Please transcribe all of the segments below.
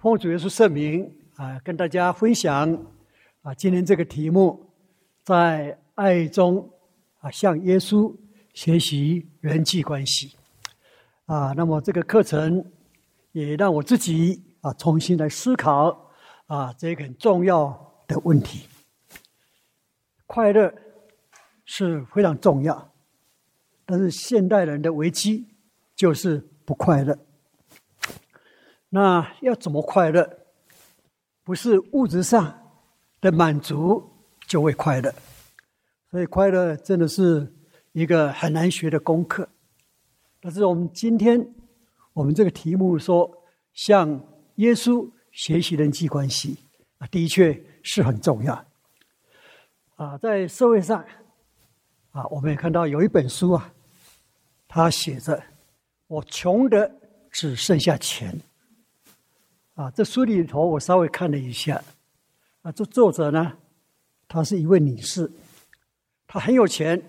奉主耶穌聖名，啊，跟大家分享，啊，今天這個題目，在愛中，啊，向耶穌學習人際關係，啊，那麼這個課程也讓我自己啊，重新來思考，啊，這個很重要的問題。快樂是非常重要，但是現代人的危機就是不快樂。那要怎麼快樂？不是物質上的滿足就會快樂。所以快樂真的是一個很難學的功課。但是我們今天，我們這個題目說向耶穌學習人際關係啊，的確是很重要。啊，在社會上，啊，我們也看到有一本書啊，它寫着：“我窮得只剩下錢。”啊，這書裡頭我稍微看了一下，啊，這作者呢，她是一位女士，她很有錢，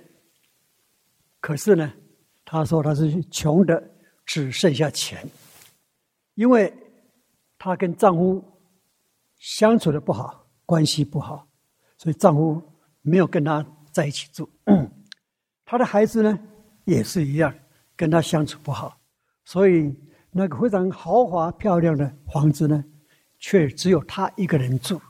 可是呢，她說她是窮的只剩下錢，因為她跟丈夫相處的不好，關係不好，所以丈夫沒有跟她在一起住， 她的孩子呢也是一樣，跟她相處不好，所以。那個非常豪華漂亮的房子呢，卻只有他一個人住，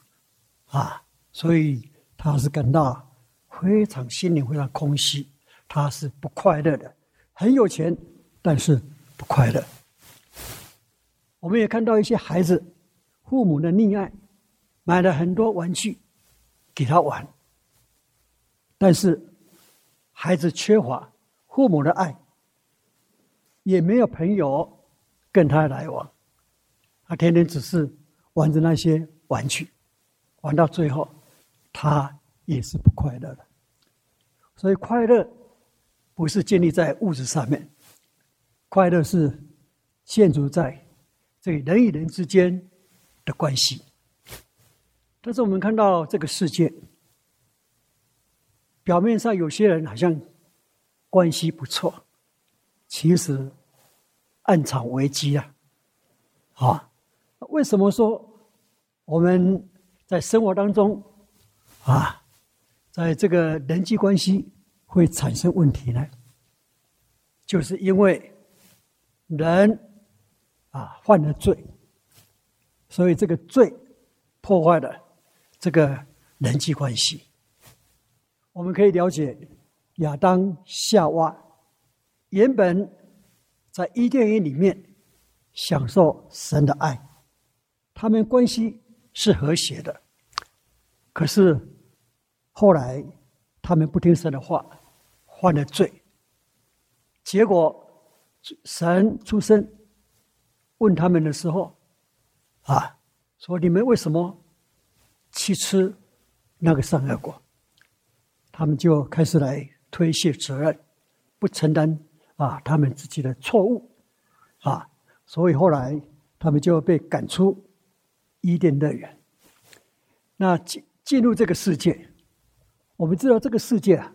啊，所以他是感到非常心靈非常空虛，他是不快樂的。很有錢，但是不快樂。我們也看到一些孩子，父母的溺愛，買了很多玩具給他玩，但是孩子缺乏父母的愛，也沒有朋友。跟他來往，他天天只是玩着那些玩具，玩到最後，他也是不快樂的。所以，快樂不是建立在物質上面，快樂是建築在這人與人之間的關係。但是，我們看到這個世界表面上有些人好像關係不錯，其實，暗藏危機啊！好、啊，為什麼說我們在生活當中啊，在這個人際關係會產生問題呢？就是因為人啊犯了罪，所以這個罪破壞了這個人際關係。我們可以了解亞當夏娃原本。在伊甸園裡面享受神的愛，他們關係是和諧的。可是後來他們不聽神的話，犯了罪。結果神出聲問他們的時候，啊，說你們為什麼去吃那個善惡果？他們就開始來推卸責任，不承擔。啊，他們自己的錯誤，啊，所以後來他們就被趕出伊甸樂園。那進進入這個世界，我們知道這個世界啊，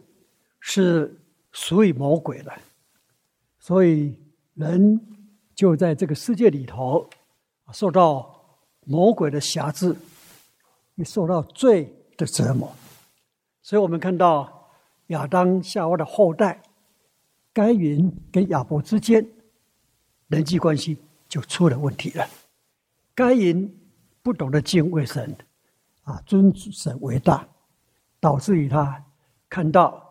是屬於魔鬼的，所以人就在這個世界裡頭，受到魔鬼的轄制，也受到罪的折磨。所以我們看到亞當夏娃的後代。該隱跟亞伯之間人際關係就出了問題了。該隱不懂得敬畏神，啊，尊神為大，導致於他看到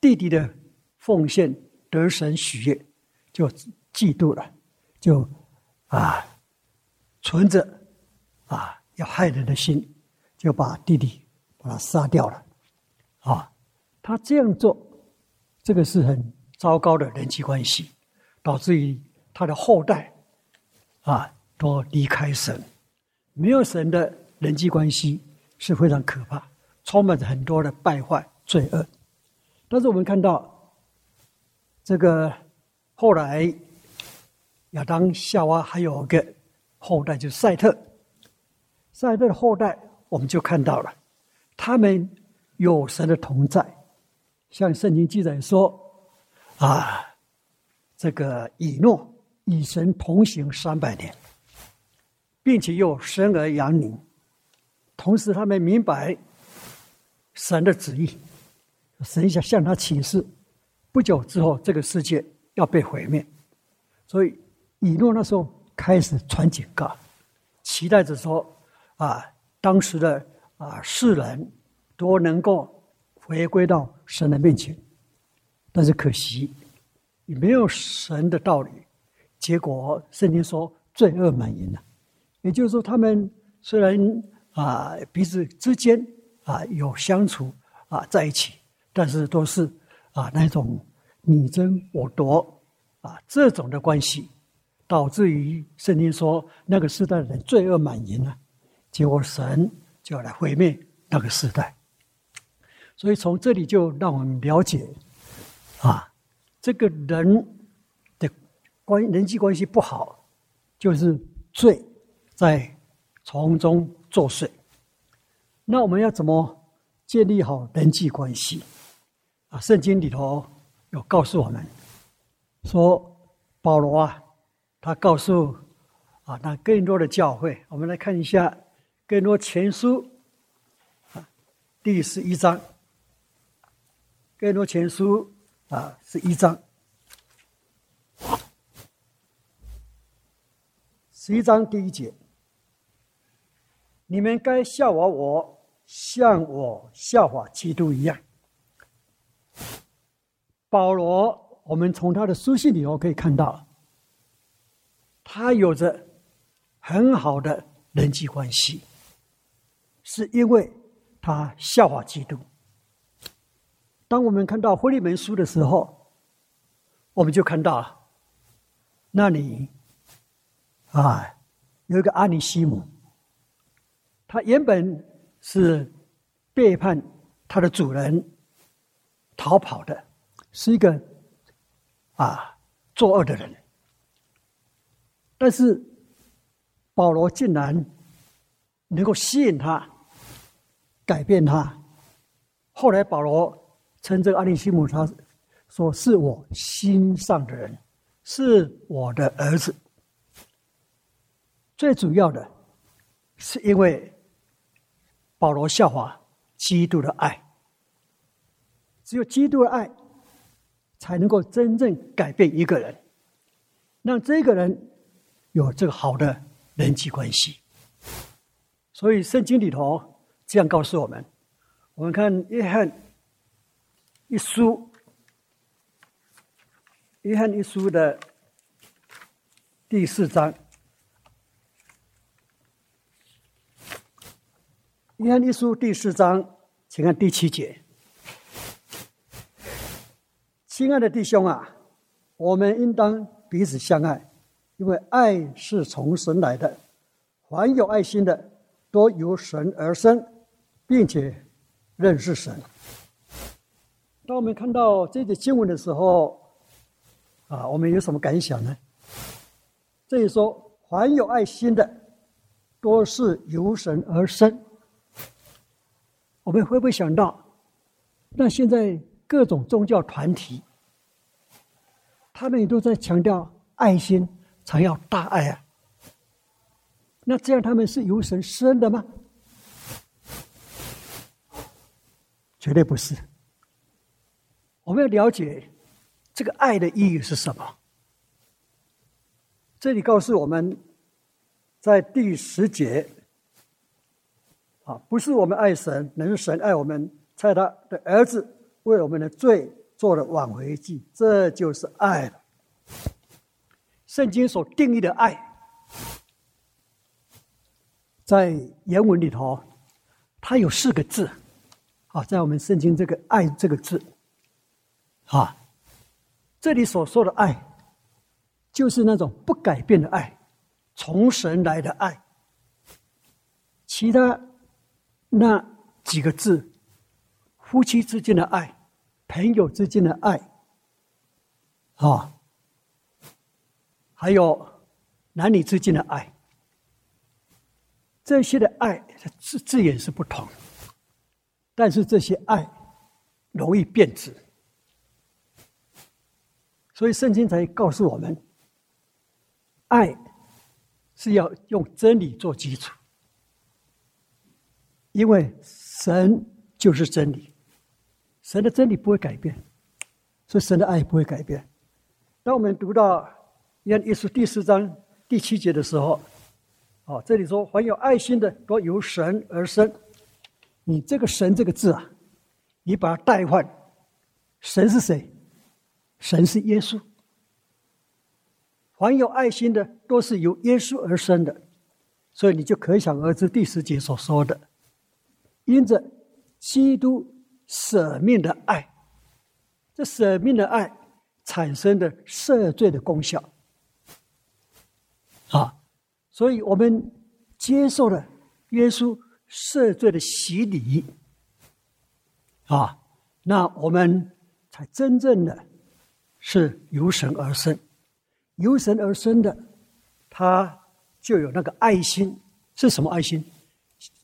弟弟的奉獻得神喜悅，就嫉妒了，就啊存着啊要害人的心，就把弟弟把他殺掉了。啊，他這樣做，這個是很。糟糕的人際關係，導致於他的後代啊，都離開神。沒有神的人際關係是非常可怕，充滿着很多的敗壞罪惡。但是我們看到這個後來亞當、夏娃還有個後代，就是賽特。賽特的後代，我們就看到了，他們有神的同在，像聖經記載說，啊，這個以諾與神同行三百年，並且又生兒養女，同時他們明白神的旨意，神想向他啟示，不久之後這個世界要被毀滅，所以以諾那時候開始傳警告，期待着說啊，當時的啊世人都能夠回歸到神的面前。但是可惜，也沒有神的道理。結果聖經說罪惡滿盈了、啊，也就是說，他們雖然啊彼此之間啊有相處啊在一起，但是都是啊那種你爭我奪啊這種的關係，導致於聖經說那個時代的人罪惡滿盈了、啊。結果神就要來毀滅那個時代。所以從這裡就讓我們了解。啊，這個人的關人際關係不好，就是罪在從中作祟。那我們要怎麼建立好人際關係？啊，聖經裡頭有告訴我們，說保羅啊，他告訴啊，那哥林多的教會，我們來看一下《哥林多前書》啊，第十一章《哥林多前書》。啊，十一章，十一章第一節。你們該效法我,我，像我效法基督一樣。保羅，我們從他的書信裡頭可以看到，他有着很好的人際關係，是因為他效法基督。當我們看到《腓利門書》的時候，我們就看到，那裡，啊，有一個阿尼西姆，他原本是背叛他的主人，逃跑的，是一個啊作惡的人，但是保羅竟然能夠吸引他，改變他，後來保羅。稱這個阿里西姆，他說是我心上的人，是我的兒子。最主要的，是因為保羅效法基督的愛，只有基督的愛，才能夠真正改變一個人，讓這個人有這個好的人際關係。所以聖經裡頭這樣告訴我們，我們看約翰。一書，約翰一書的第四章，約翰一書第四章，請看第七節。親愛的弟兄啊，我們應當彼此相愛，因為愛是從神來的，凡有愛心的，都由神而生，並且認識神。當我們看到這段經文的時候，啊，我們有什麼感想呢？這裡說凡有愛心的，都是由神而生。我們會不會想到，那現在各種宗教團體，他們也都在強調愛心，常要大愛啊？那這樣他們是由神生的嗎？絕對不是。我們要了解這個愛的意義是什麼？這裡告訴我們，在第十節，啊，不是我們愛神，乃是神愛我們，差他的兒子為我們的罪做了挽回祭，這就是愛了。聖經所定義的愛，在原文裡頭，它有四個字，好，在我們聖經這個“愛”這個字。啊，這裡所說的愛，就是那種不改變的愛，從神來的愛。其他那幾個字，夫妻之間的愛，朋友之間的愛，啊，還有男女之間的愛，這些的愛，字字眼是不同，但是這些愛容易變質。所以聖經才告訴我們，愛是要用真理做基礎，因為神就是真理，神的真理不會改變，所以神的愛不會改變。當我們讀到約翰一書第四章第七節的時候，啊，這裡說“凡有愛心的都由神而生”，你這個“神”這個字啊，你把它代換，神是誰？神是耶穌，凡有愛心的都是由耶穌而生的，所以你就可想而知，第十節所說的，因着基督捨命的愛，這捨命的愛產生的赦罪的功效。啊，所以我們接受了耶穌赦罪的洗禮，啊，那我們才真正的。是由神而生，由神而生的，他就有那個愛心。是什麼愛心？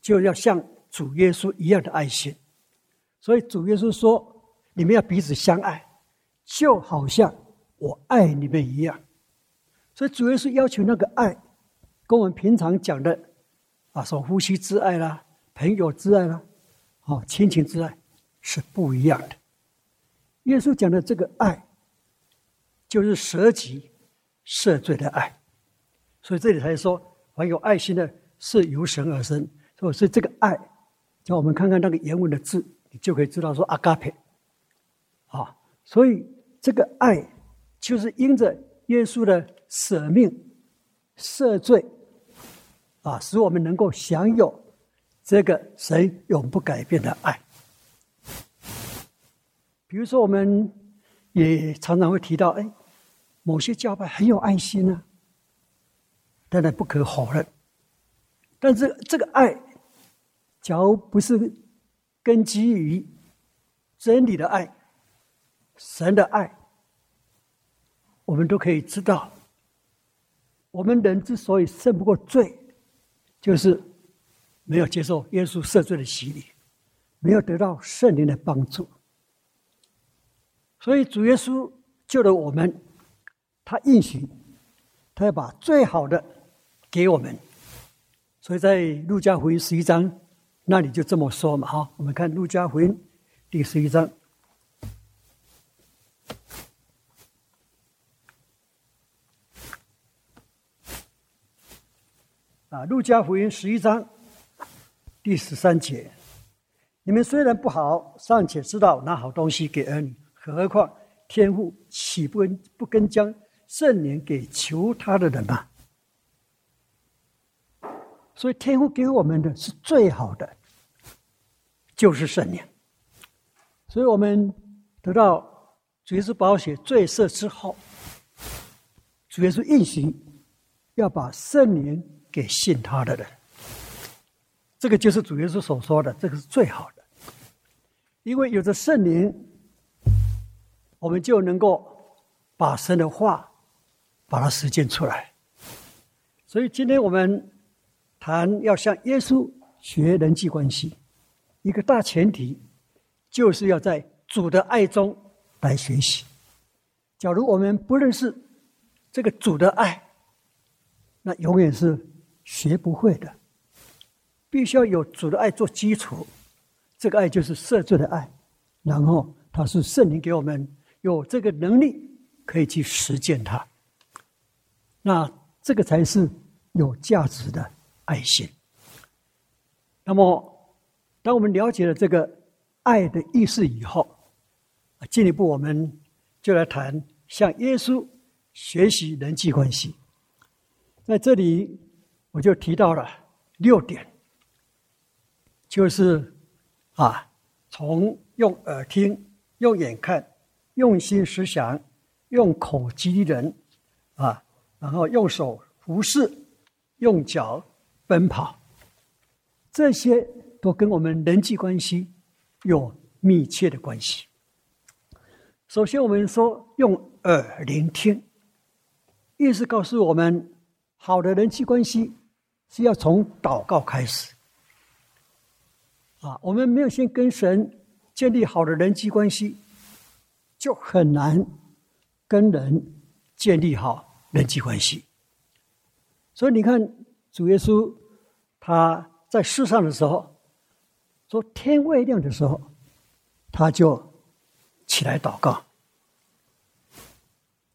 就要像主耶穌一樣的愛心。所以主耶穌說：“你們要彼此相愛，就好像我愛你們一樣。”所以主耶穌要求那個愛，跟我們平常講的，啊，什麼夫妻之愛啦、朋友之愛啦、啊，親情之愛，是不一樣的。耶穌講的這個愛。就是捨己、赦罪的愛，所以這裡才說，凡有愛心的，是由神而生。所以，這個愛，叫我們看看那個原文的字，你就可以知道說阿嘎培啊，所以這個愛，就是因着耶穌的捨命、赦罪，啊，使我們能夠享有這個神永不改變的愛。比如說，我們也常常會提到，哎。某些教派很有愛心呢，啊，當然不可否認。但是這個愛，假如不是根基於真理的愛、神的愛，我們都可以知道，我們人之所以勝不過罪，就是沒有接受耶穌赦罪的洗禮，沒有得到聖靈的幫助。所以主耶穌救了我們。他應許，他要把最好的給我們，所以在《路加福音》十一章，那你就這麼說嘛。哈，我們看《路加福音》第十一章。啊，《路加福音》十一章第十三節：你們雖然不好，尚且知道拿好東西給兒女，何況天父豈不不更將？聖靈給求他的人吶、啊。所以天父給我們的是最好的，就是聖靈。所以我們得到主耶穌寶血罪赦之後，主耶穌應許，要把聖靈給信他的人，這個就是主耶穌所說的，這個是最好的，因為有着聖靈，我們就能夠把神的話。把它實踐出來。所以今天我們談要向耶穌學人際關係，一個大前提就是要在主的愛中來學習。假如我們不認識這個主的愛，那永遠是學不會的。必須要有主的愛做基礎，這個愛就是聖子的愛，然後他是聖靈給我們有這個能力可以去實踐它。那這個才是有價值的愛心。那麼，當我們了解了這個愛的意思以後，啊，進一步我們就來談向耶穌學習人際關係。在這裡，我就提到了六點，就是啊，從用耳聽、用眼看、用心思想、用口激勵人，然後用手服侍，用腳奔跑，這些都跟我們人際關係有密切的關係。首先，我們說用耳聆聽，意思告訴我們，好的人際關係是要從禱告開始。啊，我們沒有先跟神建立好的人際關係，就很難跟人建立好人際關係，所以你看，主耶穌他在世上的時候，說天未亮的時候，他就起來禱告。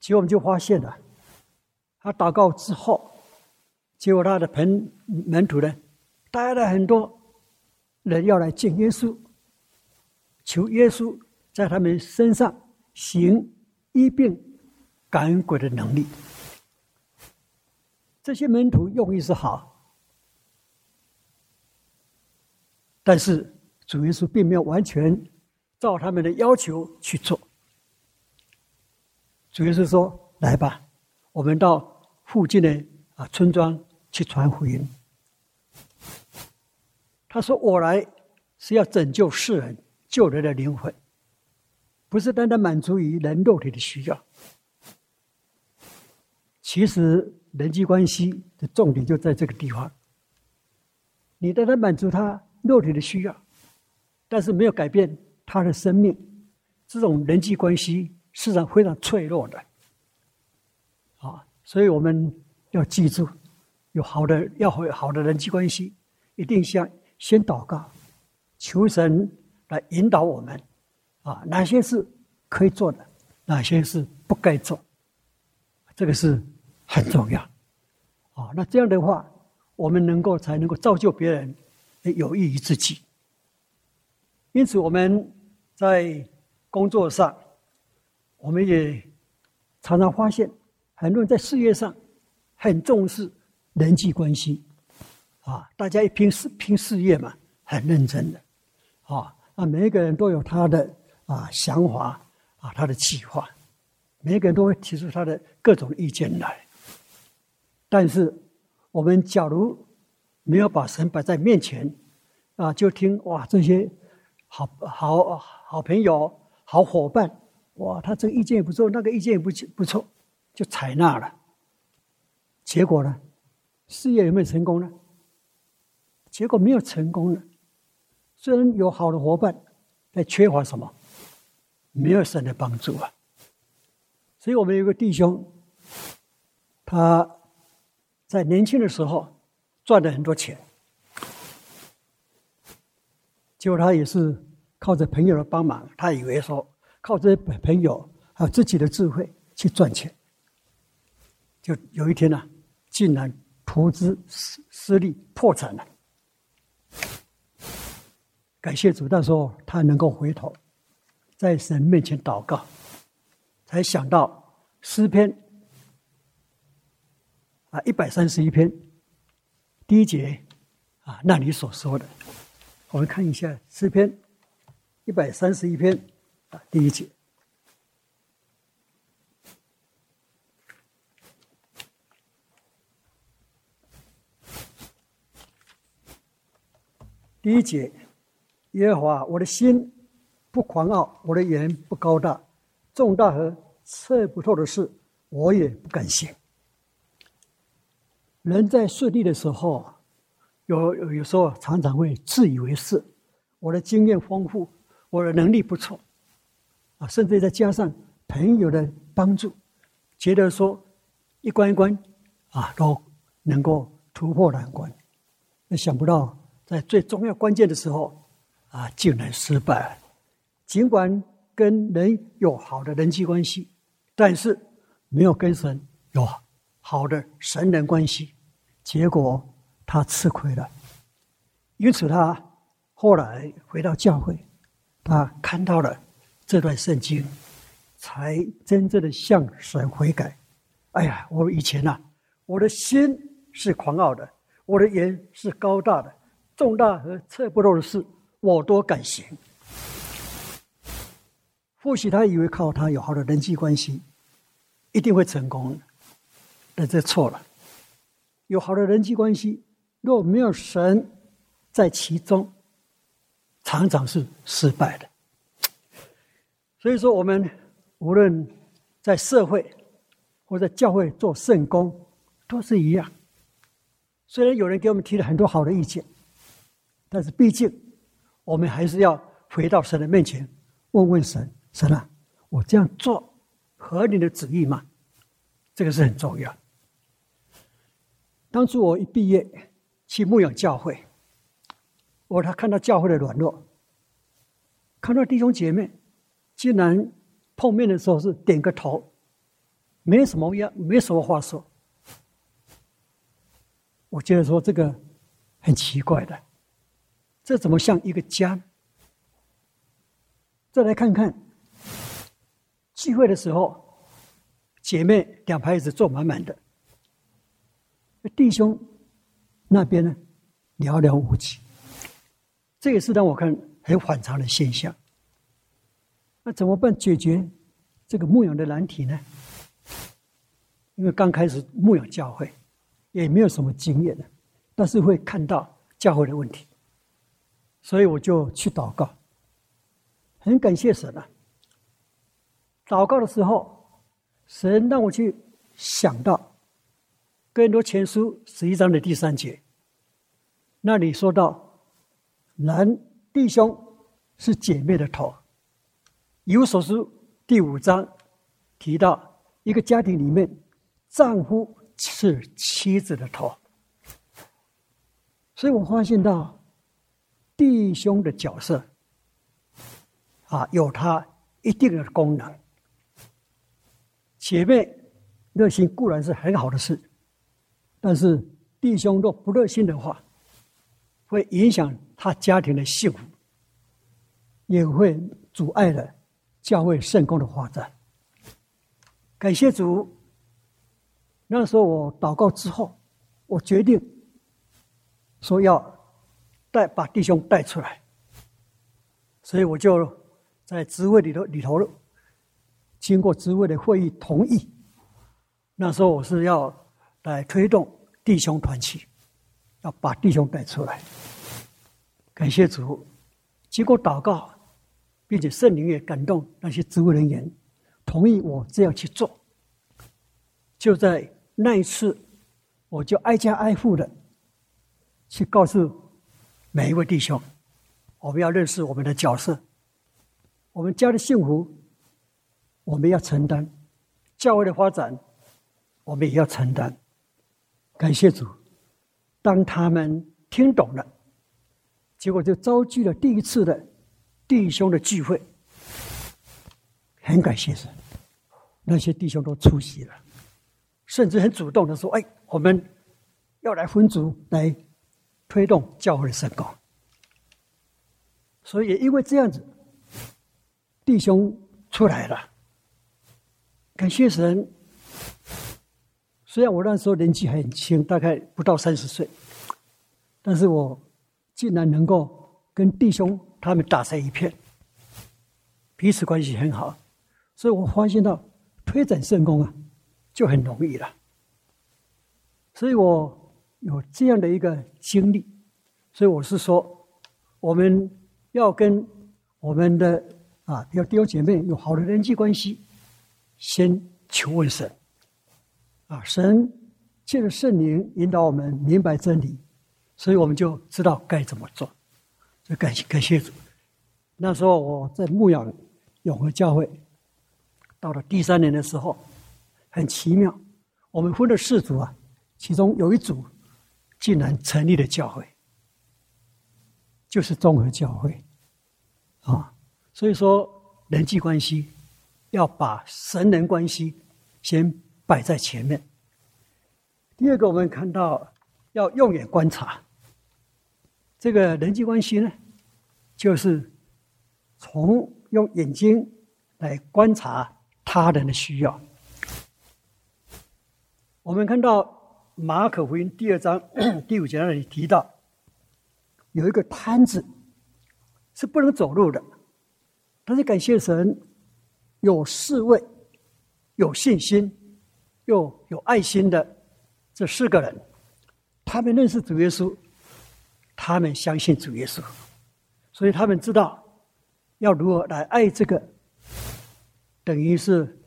結果我們就發現了，他禱告之後，結果他的朋門徒呢，帶了很多人要來見耶穌，求耶穌在他們身上行醫病趕鬼的能力。這些門徒用意是好，但是主耶穌並沒有完全照他們的要求去做。主耶穌說：“來吧，我們到附近的啊村莊去傳福音。”他說：“我來是要拯救世人，救人的靈魂，不是單單滿足於人肉體的需要。”其實。人際關係的重點就在這個地方。你都能滿足他肉體的需要，但是沒有改變他的生命，這種人際關係是非常脆弱的。啊，所以我們要記住，有好的要有好的人際關係，一定先先禱告，求神來引導我們，啊，哪些是可以做的，哪些是不該做，這個是。很重要，啊，那這樣的話，我們能夠才能夠造就別人，有益於自己。因此，我們在工作上，我們也常常發現，很多人在事業上很重視人際關係，啊，大家一拼事拼事業嘛，很認真的，啊，那每一個人都有他的啊想法啊，他的計劃，每一個人都會提出他的各種意見來。但是，我們假如沒有把神擺在面前，啊，就聽哇，這些好好好朋友、好夥伴，哇，他這個意見也不錯，那個意見也不不錯，就採納了。結果呢，事業有沒有成功呢？結果沒有成功呢。雖然有好的夥伴，但缺乏什麼？沒有神的幫助啊。所以我們有個弟兄，他。在年輕的時候賺了很多錢，結果他也是靠着朋友的幫忙，他以為說靠這些朋友還有自己的智慧去賺錢，就有一天呢、啊，竟然投資失失利破產了。感謝主，那時他能夠回頭，在神面前禱告，才想到詩篇。啊，一百三十一篇，第一節，啊，那裡所說的，我們看一下詩篇，一百三十一篇，啊，第一節。第一節，耶和華，我的心不狂傲，我的眼不高大，重大和測不透的事，我也不敢行人在順利的時候，有有，有時候常常會自以為是，我的經驗豐富，我的能力不錯，啊，甚至再加上朋友的幫助，覺得說一關一關，啊，都能夠突破難關。那想不到在最重要關鍵的時候，啊，竟然失敗了。儘管跟人有好的人際關係，但是沒有跟神有好的神人關係。結果他吃虧了，因此他後來回到教會，他看到了這段聖經，才真正的向神悔改。哎呀，我以前吶、啊，我的心是狂傲的，我的眼是高大的，重大和測不透的事，我多敢行。或許他以為靠他有好的人際關係，一定會成功，但這錯了。有好的人際關係，若沒有神在其中，常常是失敗的。所以說，我們無論在社會或者教會做聖工都是一樣。雖然有人給我們提了很多好的意見，但是畢竟我們還是要回到神的面前，問問神：神啊，我這樣做合你的旨意嗎？這個是很重要。當初我一畢業去牧養教會，我他看到教會的軟弱，看到弟兄姐妹竟然碰面的時候是點個頭，沒什麼樣，沒什麼話說。我覺得說這個很奇怪的，這怎麼像一個家？再來看看聚會的時候，姐妹兩排椅子坐滿滿的。弟兄那邊呢，寥寥無幾，這也是讓我看很反常的現象。那怎麼辦，解決這個牧養的難題呢？因為剛開始牧養教會，也沒有什麼經驗的，但是會看到教會的問題，所以我就去禱告。很感謝神啊！禱告的時候，神讓我去想到。哥林多前書十一章的第三節，那裡說到，男弟兄是姐妹的頭。以弗所書第五章提到，一個家庭裡面，丈夫是妻子的頭。所以我發現到，弟兄的角色，啊，有他一定的功能。姐妹熱心固然是很好的事。但是弟兄若不熱心的話，會影響他家庭的幸福，也會阻礙了教會聖工的發展。感謝主，那時候我禱告之後，我決定說要帶把弟兄帶出來，所以我就在職位裡頭裡頭，經過職位的會議同意。那時候我是要。來推動弟兄團契，要把弟兄帶出來。感謝主，經過禱告，並且聖靈也感動那些職務人員，同意我這樣去做。就在那一次，我就挨家挨戶的去告訴每一位弟兄，我們要認識我們的角色，我們家的幸福，我們要承擔；教會的發展，我們也要承擔。感謝主，當他們聽懂了，結果就召集了第一次的弟兄的聚會，很感謝神，那些弟兄都出席了，甚至很主動的說：“哎，我們要來分組，來推動教會的升高。”所以也因為這樣子，弟兄出來了，感謝神。雖然我那時候年紀很輕，大概不到三十歲，但是我竟然能夠跟弟兄他們打成一片，彼此關係很好，所以我發現到推展聖工啊，就很容易了。所以我有這樣的一個經歷，所以我是說，我們要跟我們的啊，要弟兄姐妹有好的人際關係，先求問神。啊，神借着聖靈引導我們明白真理，所以我們就知道該怎麼做。所以感謝感謝主。那時候我在牧養永和教會，到了第三年的時候，很奇妙，我們分了四組啊，其中有一組竟然成立了教會，就是綜合教會啊。所以說人際關係要把神人關係先。擺在前面。第二個，我們看到要用眼觀察這個人際關係呢，就是從用眼睛來觀察他人的需要。我們看到《馬可福音》第二章第五節那裡提到，有一個癱子是不能走路的，他就感謝神，有侍衛，有信心，又有愛心的這四個人，他們認識主耶穌，他們相信主耶穌，所以他們知道要如何來愛這個等於是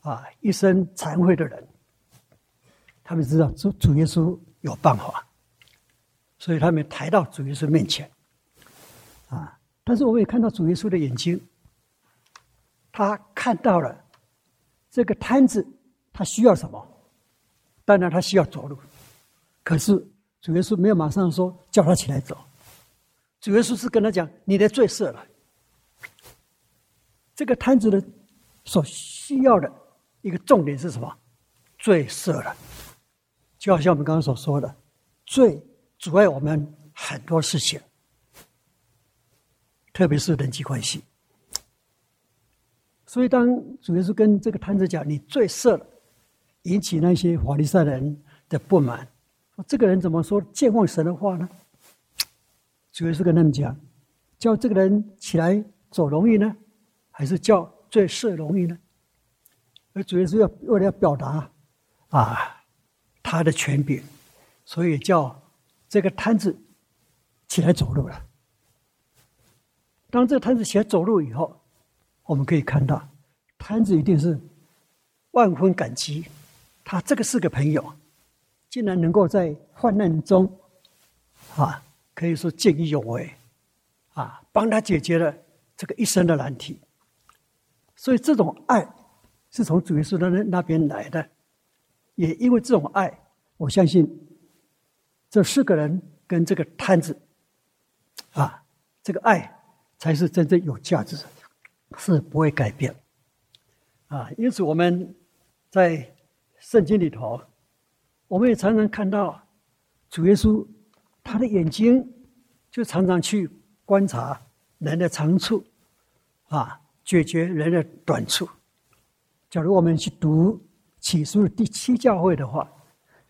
啊一生殘廢的人。他們知道主主耶穌有辦法，所以他們抬到主耶穌面前啊。但是我也看到主耶穌的眼睛，他看到了這個癱子，他需要什麼？當然，他需要走路。可是，主耶穌沒有馬上說叫他起來走。主耶穌是跟他講：“你的罪赦了。”這個癱子的所需要的一個重點是什麼？罪赦了，就好像我們剛剛所說的，罪阻礙我們很多事情，特別是人際關係。所以，當主耶穌跟這個癱子講：“你罪赦了。”引起那些法利賽人的不滿，這個人怎麼說僭妄神的話呢？主要是跟他們講，叫這個人起來走容易呢，還是叫罪赦容易呢？而主要是要為了表達啊他的權柄，所以叫這個癱子起來走路了。當這個癱子起來走路以後，我們可以看到，癱子一定是萬分感激。他這個四個朋友，竟然能夠在患難中，啊，可以說見義勇為，啊，幫他解決了這個一生的難題。所以，這種愛是從主耶穌的那那邊來的。也因為這種愛，我相信，這四個人跟這個癱子，啊，這個愛才是真正有價值的，是不會改變。啊，因此我們在。聖經裡頭，我們也常常看到主耶穌，他的眼睛就常常去觀察人的長處，啊，解決人的短處。假如我們去讀啟示錄的七教會的話，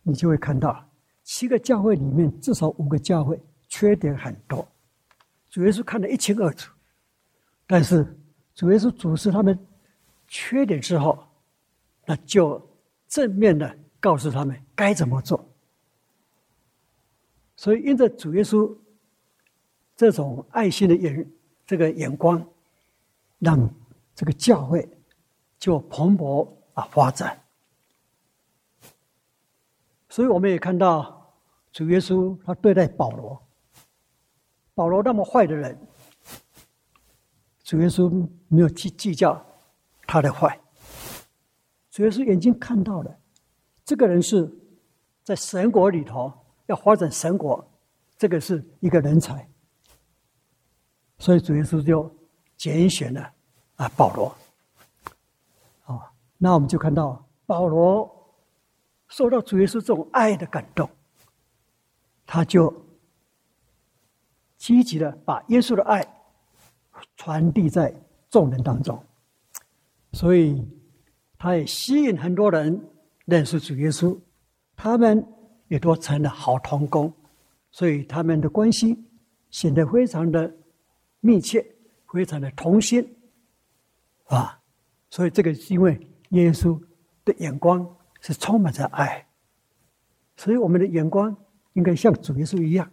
你就會看到七個教會裡面至少五個教會缺點很多，主耶穌看得一清二楚。但是主耶穌主持他們缺點之後，那就。正面的告訴他們該怎麼做，所以因着主耶穌這種愛心的眼，這個眼光，讓這個教會就蓬勃啊發展。所以我們也看到主耶穌他對待保羅，保羅那麼壞的人，主耶穌沒有計計較他的壞。主耶穌眼睛看到了，這個人是在神國裡頭要發展神國，這個是一個人才，所以主耶穌就揀選了啊保羅。好，那我們就看到保羅受到主耶穌這種愛的感動，他就積極的把耶穌的愛傳遞在眾人當中，所以。他也吸引很多人認識主耶穌，他們也都成了好同工，所以他們的關係顯得非常的密切，非常的同心啊。所以這個是因為耶穌的眼光是充滿着愛，所以我們的眼光應該像主耶穌一樣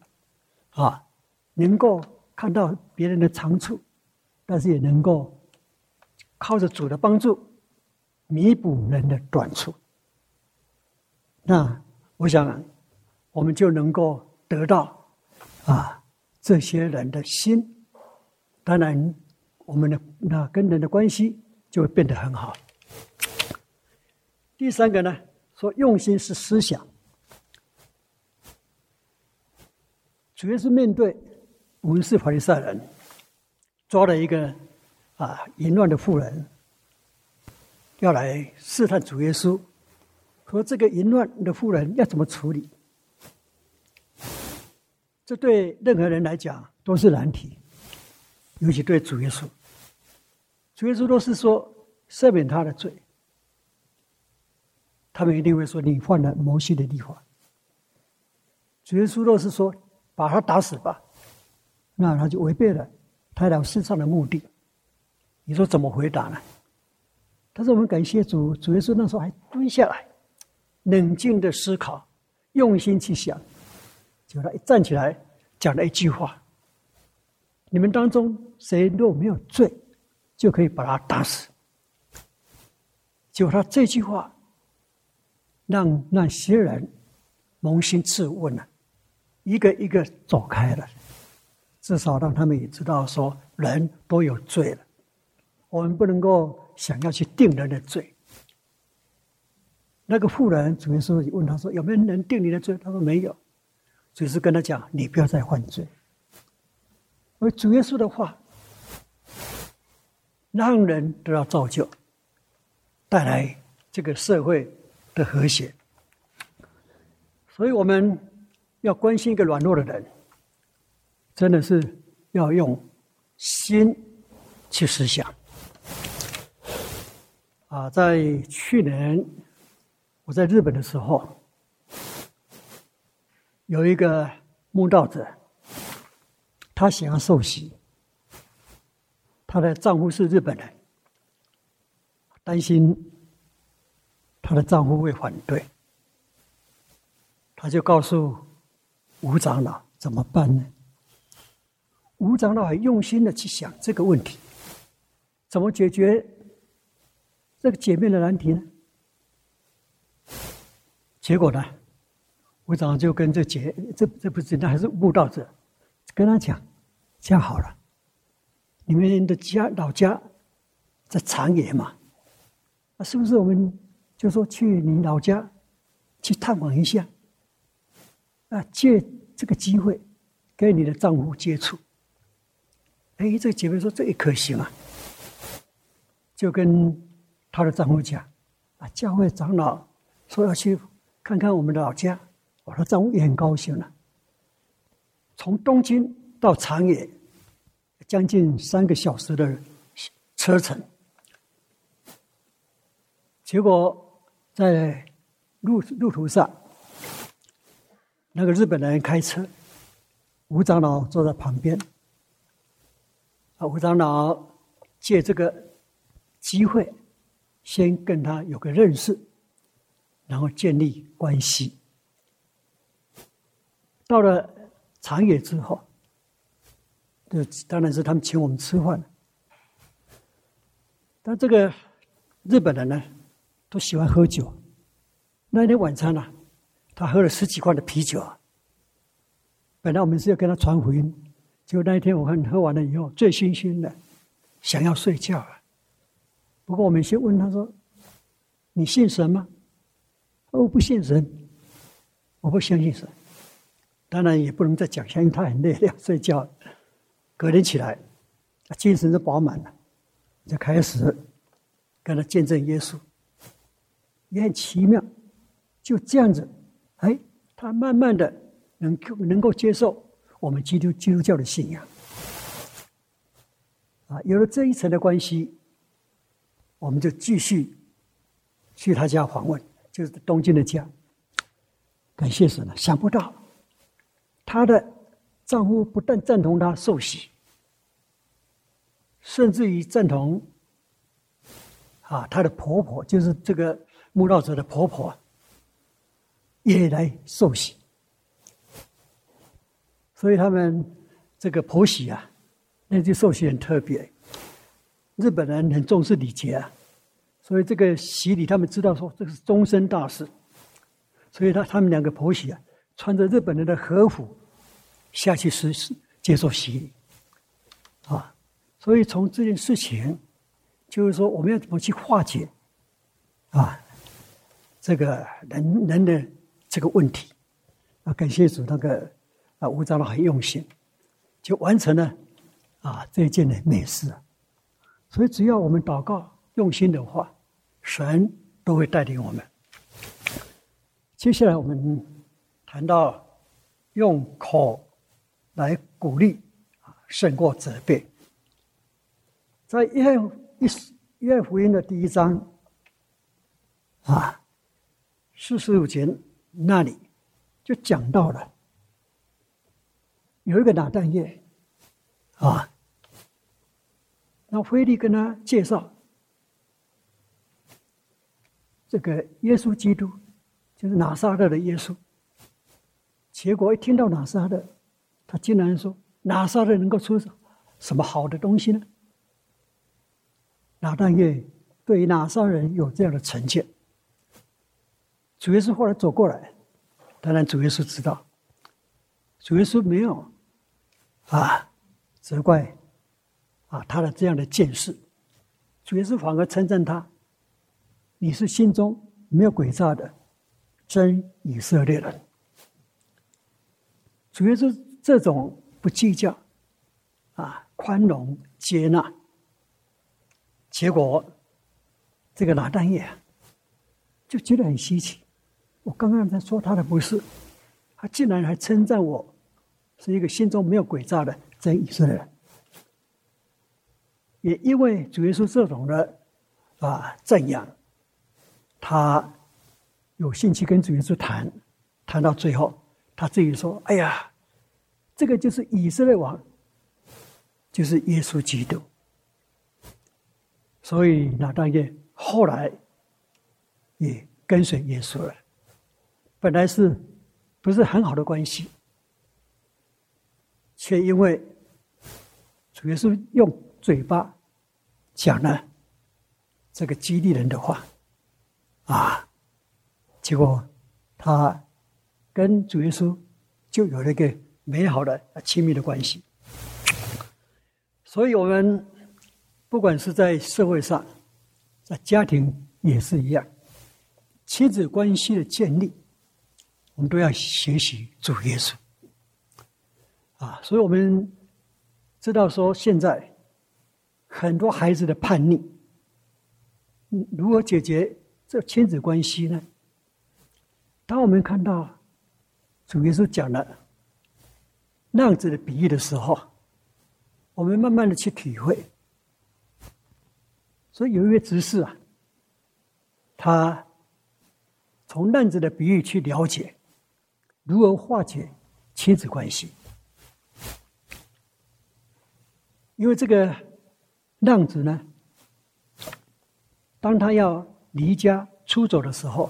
啊，能夠看到別人的長處，但是也能夠靠着主的幫助。彌補人的短處，那我想，我們就能夠得到啊，這些人的心。當然，我們的那跟人的關係就會變得很好。第三個呢，說用心是思想，主要是面對文士、法利賽人，抓了一個啊淫亂的婦人。要來試探主耶穌，和這個淫亂的婦人要怎麼處理？這對任何人來講都是難題，尤其對主耶穌，主耶穌若是說赦免他的罪，他們一定會說你犯了摩西的律法。主耶穌若是說把他打死吧，那他就違背了他來世上的目的。你說怎麼回答呢？但是我們感謝主，主耶穌那時候還蹲下來，冷靜的思考，用心去想。結果他一站起來，講了一句話：“你們當中誰若沒有罪，就可以把他打死。”就他這句話，讓那些人捫心自問了、啊，一個一個走開了。至少讓他們也知道，說人都有罪了。我們不能夠。想要去定人的罪，那個婦人，主耶穌問他說：“有沒有人定你的罪？”他說：“沒有。”只是跟他講：“你不要再犯罪。”而主耶穌的話讓人得到造就，帶來這個社會的和諧。所以我們要關心一個軟弱的人，真的是要用心去思想。啊，在去年我在日本的時候，有一個慕道者，她想要受洗，她的丈夫是日本人，擔心她的丈夫會反對，她就告訴吳長老怎麼辦呢？吳長老很用心的去想這個問題，怎麼解決？這個姐妹的難題呢？結果呢，我早上就跟這姐，這這不是那還是悟道者，跟他講，這樣好了，你們的家老家在長野嘛，那是不是我們就說去你老家去探望一下？啊，借這個機會，跟你的丈夫接觸。哎，這個姐妹說這也可行啊，就跟。他的丈夫講：“啊，教會長老說要去看看我們的老家。”我的丈夫也很高興了，啊。從東京到長野，將近三個小時的車程。結果在路路途上，那個日本人開車，吳長老坐在旁邊。啊，吳長老借這個機會。先跟他有個認識，然後建立關係。到了長野之後，就當然是他們請我們吃飯。但這個日本人呢，都喜歡喝酒。那天晚餐呢、啊，他喝了十幾罐的啤酒啊。本來我們是要跟他傳福音，結果就那一天我看喝完了以後，醉醺醺的，想要睡覺。不過，我們先問他說：“你信神嗎？”我不信神，我不相信，信神。當然也不能再講，相信他很累，要睡覺。隔天起來，他精神是飽滿了，就開始跟他見證耶穌。也很奇妙，就這樣子，哎，他慢慢的能能夠接受我們基督基督教的信仰。啊，有了這一層的關係。我們就繼續去他家訪問，就是東京的家。感謝神了，想不到他的丈夫不但贊同他受洗，甚至於贊同啊，他的婆婆，就是這個慕道者的婆婆，也來受洗。所以他們這個婆媳啊，那就受洗很特別。日本人很重視禮節啊，所以這個洗禮，他們知道說這是終身大事，所以他他們兩個婆媳啊，穿着日本人的和服下去實施接受洗禮啊。所以從這件事情，就是說我們要怎麼去化解啊這個人人的這個問題啊，感謝主那個啊，吳長老很用心，就完成了啊這一件的美事啊。所以，只要我們禱告用心的話，神都會帶領我們。接下來，我們談到用口來鼓勵，啊，勝過責備。在耶一耶福音的第一章，啊，四十五節那裡就講到了，有一個拿但業，啊。那腓力跟他介紹這個耶穌基督，就是拿撒勒的耶穌。結果一聽到拿撒勒，他竟然說：“拿撒勒能夠出什麼好的東西呢？”然後他也對於拿撒勒人有這樣的成見。主耶穌後來走過來，當然主耶穌知道，主耶穌沒有啊責怪。啊，他的這樣的見識，主耶穌反而稱讚他，你是心中沒有詭詐的真以色列人。主耶穌這種不計較，啊，寬容接納。結果，這個拿但業、啊，就覺得很稀奇。我剛剛在說他的不是，他竟然還稱讚我是一個心中沒有詭詐的真以色列人。也因為主耶穌這種的啊讚揚，他有興趣跟主耶穌談，談到最後，他自己說：“哎呀，這個就是以色列王，就是耶穌基督。”所以拿但業後來也跟隨耶穌了。本來是不是很好的關係，卻因為主耶穌用。嘴巴講了這個激勵人的話，啊，結果他跟主耶穌就有了一個美好的親密的關係。所以，我們不管是在社會上，在家庭也是一樣，親子關係的建立，我們都要學習主耶穌啊。所以我們知道說現在。很多孩子的叛逆，嗯，如何解決這親子關係呢？當我們看到主耶穌講了浪子的比喻的時候，我們慢慢的去體會。所以有一位執事啊，他從浪子的比喻去了解如何化解親子關係，因為這個。浪子呢？當他要離家出走的時候，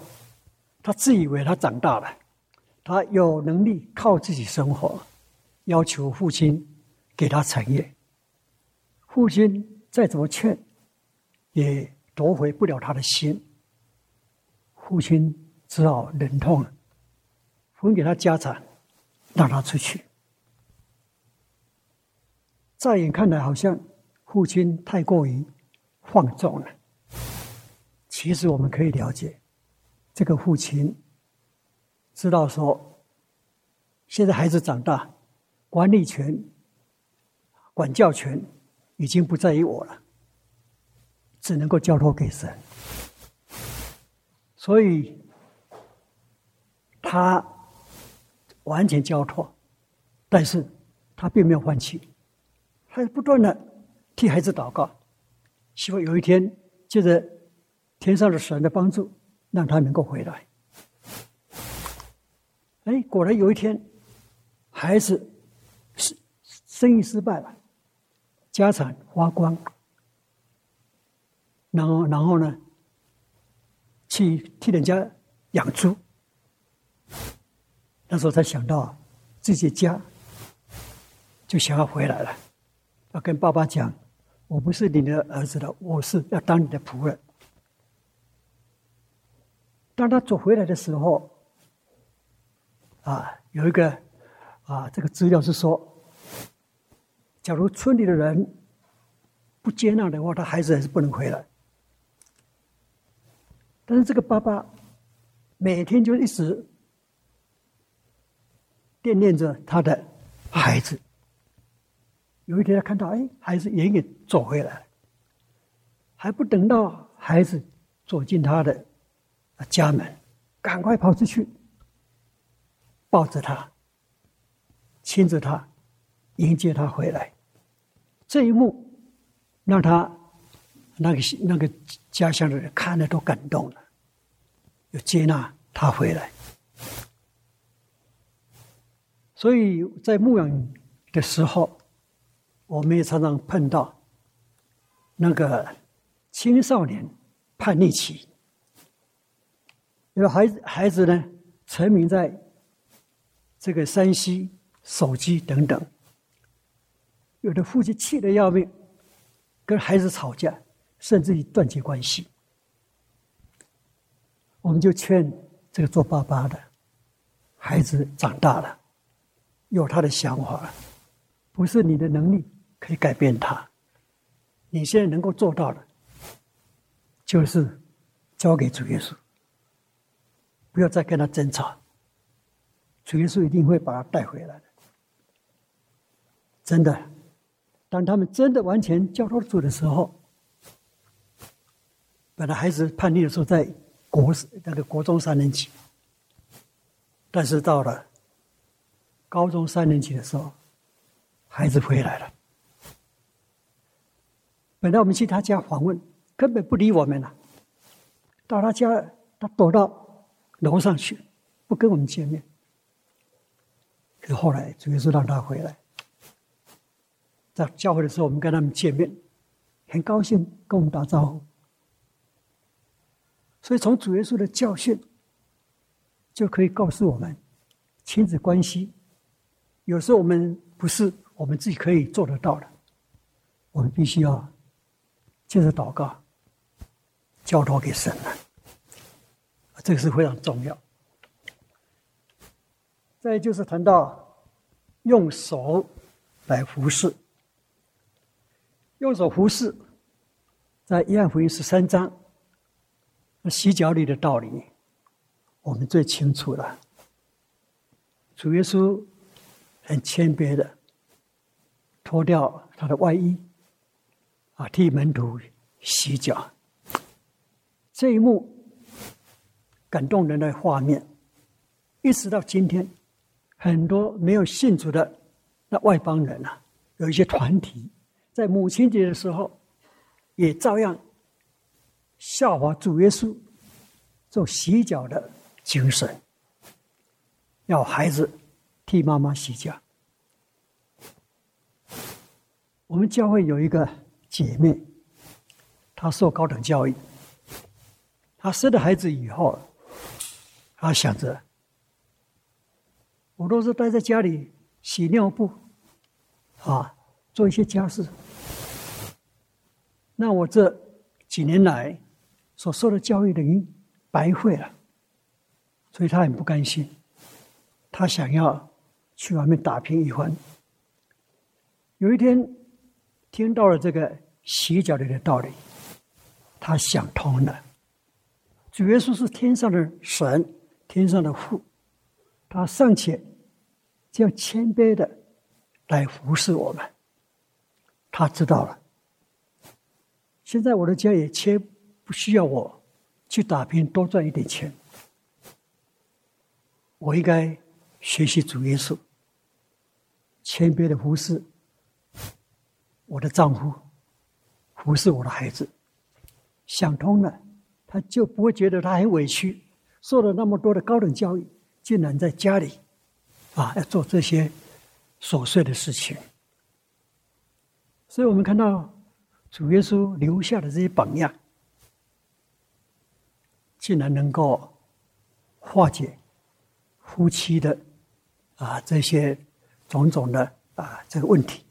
他自以為他長大了，他有能力靠自己生活，要求父親給他產業。父親再怎麼勸，也奪回不了他的心。父親只好忍痛了，分給他家產，讓他出去。乍眼看來，好像……父親太過於放縱了。其實我們可以了解，這個父親知道說，現在孩子長大，管理權、管教權已經不在於我了，只能夠交托給神。所以，他完全交托，但是他並沒有放棄，他是不斷的。替孩子禱告，希望有一天，借着天上的神的幫助，讓他能夠回來。哎，果然有一天，孩子生生意失敗了，家產花光，然後，然後呢，去替人家養豬。那時候才想到自己家，就想要回來了，要跟爸爸講。我不是你的兒子了，我是要當你的僕人。當他走回來的時候，啊，有一個啊，這個資料是說，假如村裡的人不接納的話，他孩子還是不能回來。但是這個爸爸每天就一直惦念着他的孩子。有一天，他看到，哎，孩子遠遠走回來了，還不等到孩子走進他的家門，趕快跑出去，抱着他，親着他，迎接他回來。這一幕，讓他那個那個家鄉的人看了都感動了，又接納他回來。所以在牧養的時候，我們也常常碰到那個青少年叛逆期，因為孩子孩子呢沉迷，在這個山西、手機等等，有的父親氣得要命，跟孩子吵架，甚至於斷絕關係。我們就勸這個做爸爸的，孩子長大了，有他的想法，不是你的能力。可以改變他。你現在能夠做到的，就是交給主耶穌，不要再跟他爭吵。主耶穌一定會把他帶回來的。真的，當他們真的完全交托主的時候，本來孩子叛逆的時候在國，那個國中三年級，但是到了高中三年級的時候，孩子回來了。本來我們去他家訪問，根本不理我們了。到他家，他躲到樓上去，不跟我們見面。可是後來，主耶穌讓他回來，在教會的時候，我們跟他們見面，很高興跟我們打招呼。所以，從主耶穌的教訓，就可以告訴我們，親子關係有時候我們不是我們自己可以做得到的，我們必須要。就是禱告，交托給神了，這個是非常重要。再就是談到用手來服侍，用手服侍，在約翰福音十三章，那洗腳裡的道理，我們最清楚了。主耶穌很謙卑的脫掉他的外衣。啊，替門徒洗腳，這一幕感動人的畫面，一直到今天，很多沒有信主的那外邦人啊，有一些團體在母親節的時候，也照樣效法主耶穌做洗腳的精神，要孩子替媽媽洗腳。我們教會有一個。姐妹，她受高等教育，她生了孩子以後，她想着我都是待在家裡洗尿布，啊，做一些家事，那我這幾年來所受的教育等於白費了，所以她很不甘心，她想要去外面打拼一番。有一天，聽到了這個。洗腳裡的道理，他想通了。主耶穌是天上的神，天上的父，他尚且，這樣謙卑的，來服侍我們。他知道了。現在我的家也千，不需要我，去打拼多賺一點錢。我應該學習主耶穌，謙卑的服侍我的丈夫。不是我的孩子，想通了，他就不會覺得他很委屈，受了那麼多的高等教育，竟然在家裡，啊，要做這些瑣碎的事情。所以，我們看到主耶穌留下的這些榜樣，竟然能夠化解夫妻的啊這些種種的啊這個問題。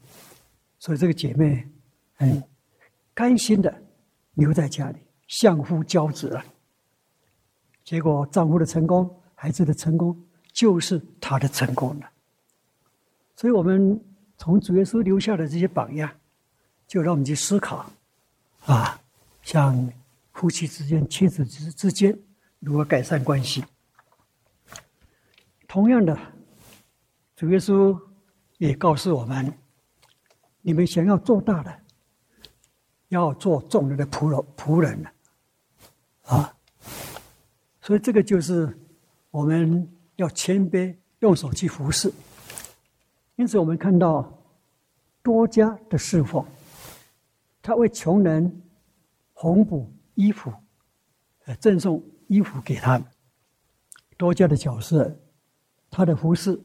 所以，這個姐妹，嗯。甘心的留在家裡，相夫教子。結果丈夫的成功，孩子的成功，就是他的成功了。所以，我們從主耶穌留下的這些榜樣，就讓我們去思考：啊，像夫妻之間、妻子之之間，如何改善關係？同樣的，主耶穌也告訴我們：你們想要做大的。要做眾人的僕人、啊，僕人啊，所以這個就是我們要謙卑，用手去服侍。因此，我們看到多加的侍奉，他為窮人縫補衣服，呃，贈送衣服給他們，多加的角色，他的服侍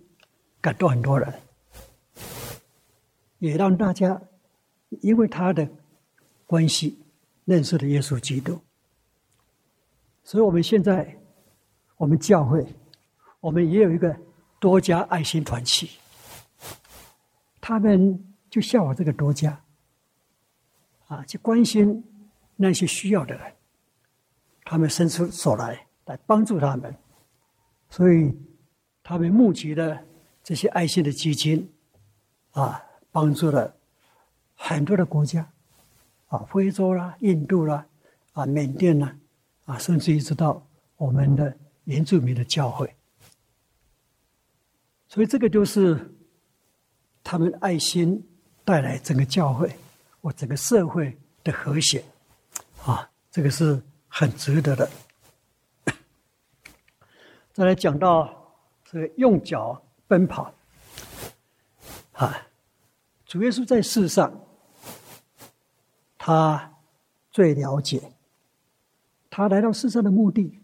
感動很多人，也讓大家因為他的。關係認識了耶穌基督，所以我們現在我們教會，我們也有一個多家愛心團體，他們就向我這個多家，啊，去關心那些需要的人，他們伸出手來來幫助他們，所以他們募集了這些愛心的基金，啊，幫助了很多的國家。啊，非洲啦，印度啦，啊，緬甸啦，啊，甚至一直到我們的原住民的教會，所以這個就是他們愛心帶來整個教會，我整個社會的和諧，啊，這個是很值得的。再來講到這個用腳奔跑，啊，主耶穌在世上。他最了解，他來到世上的目的，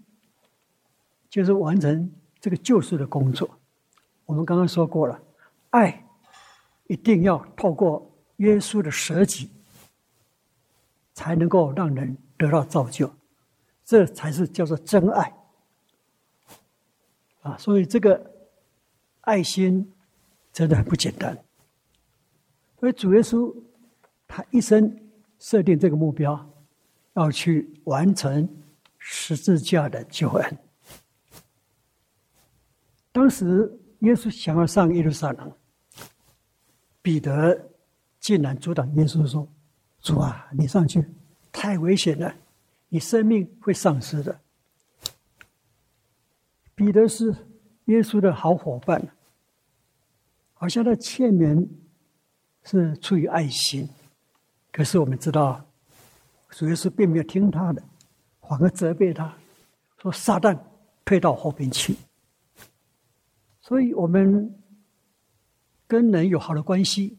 就是完成這個救世的工作。我們剛剛說過了，愛一定要透過耶穌的捨己，才能夠讓人得到造就，這才是叫做真愛。啊，所以這個愛心真的很不簡單。所以主耶穌他一生。設定這個目標，要去完成十字架的救恩。當時耶穌想要上耶路撒冷，彼得竟然阻擋耶穌說：“主啊，你上去太危險了，你生命會喪失的。”彼得是耶穌的好夥伴，好像他勸勉是出於愛心。可是我們知道啊，主耶穌並沒有聽他的，反而責備他說：“撒旦退到後邊去。”所以我們跟人有好的關係，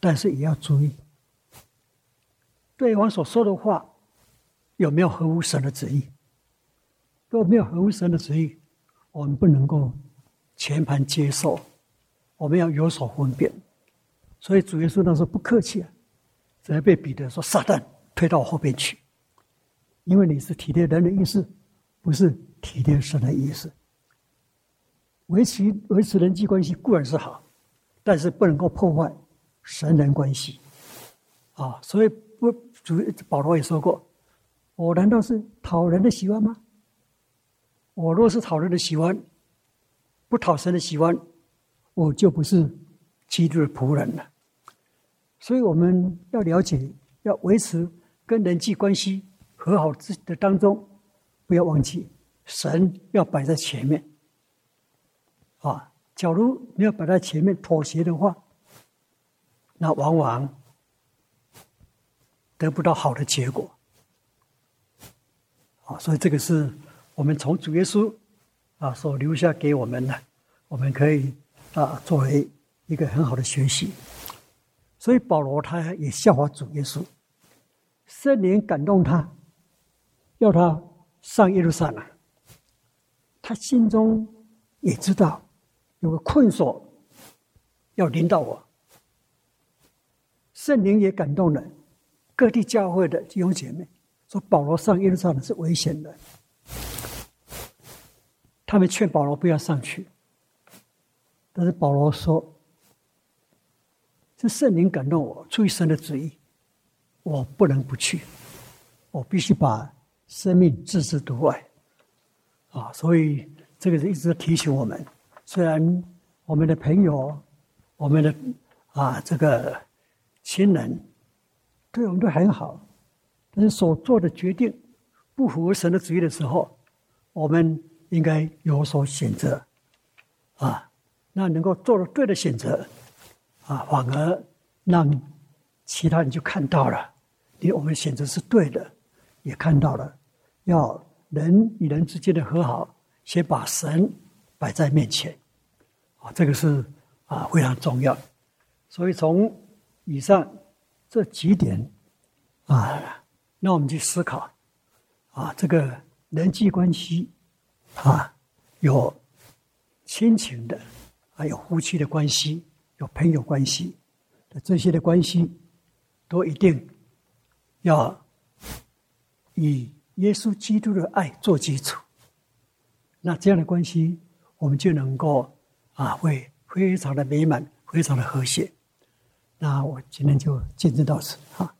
但是也要注意對方所說的話有沒有合乎神的旨意。如果沒有合乎神的旨意，我們不能夠全盤接受，我們要有所分辨。所以主耶穌當時不客氣啊。則被彼得說，撒旦退到後邊去，因為你是體貼人的意思，不是體貼神的意思。維持維持人際關係固然是好，但是不能夠破壞神人關係。啊，所以不主保羅也說過：我難道是討人的喜歡嗎？我若是討人的喜歡，不討神的喜歡，我就不是基督的僕人了。所以我們要了解，要維持跟人際關係和好之的當中，不要忘記神要擺在前面。啊，假如你要擺在前面妥協的話，那往往得不到好的結果。啊，所以這個是我們從主耶穌啊所留下給我們的，我們可以啊作為一個很好的學習。所以保羅他也效法主耶穌，聖靈感動他，要他上耶路撒冷。他心中也知道有個捆鎖，要臨到我。聖靈也感動了各地教會的弟兄姐妹，說保羅上耶路撒冷是危險的，他們勸保羅不要上去。但是保羅說。是聖靈感動我，出於神的旨意，我不能不去，我必須把生命置之度外，啊！所以這個是一直提醒我們，雖然我們的朋友、我們的啊這個親人，對我們都很好，但是所做的決定不符合神的旨意的時候，我們應該有所選擇，啊，那能夠做得對的選擇。啊，反而讓其他人就看到了，我們選擇是對的，也看到了，要人與人之間的和好，先把神擺在面前，啊，這個是啊非常重要。所以從以上這幾點啊，讓我們去思考啊，這個人際關係啊，有親情的，還有夫妻的關係。朋友關係，這些的關係，都一定要以耶穌基督的愛做基礎。那這樣的關係，我們就能夠啊，會非常的美滿，非常的和諧。那我今天就見證到此哈。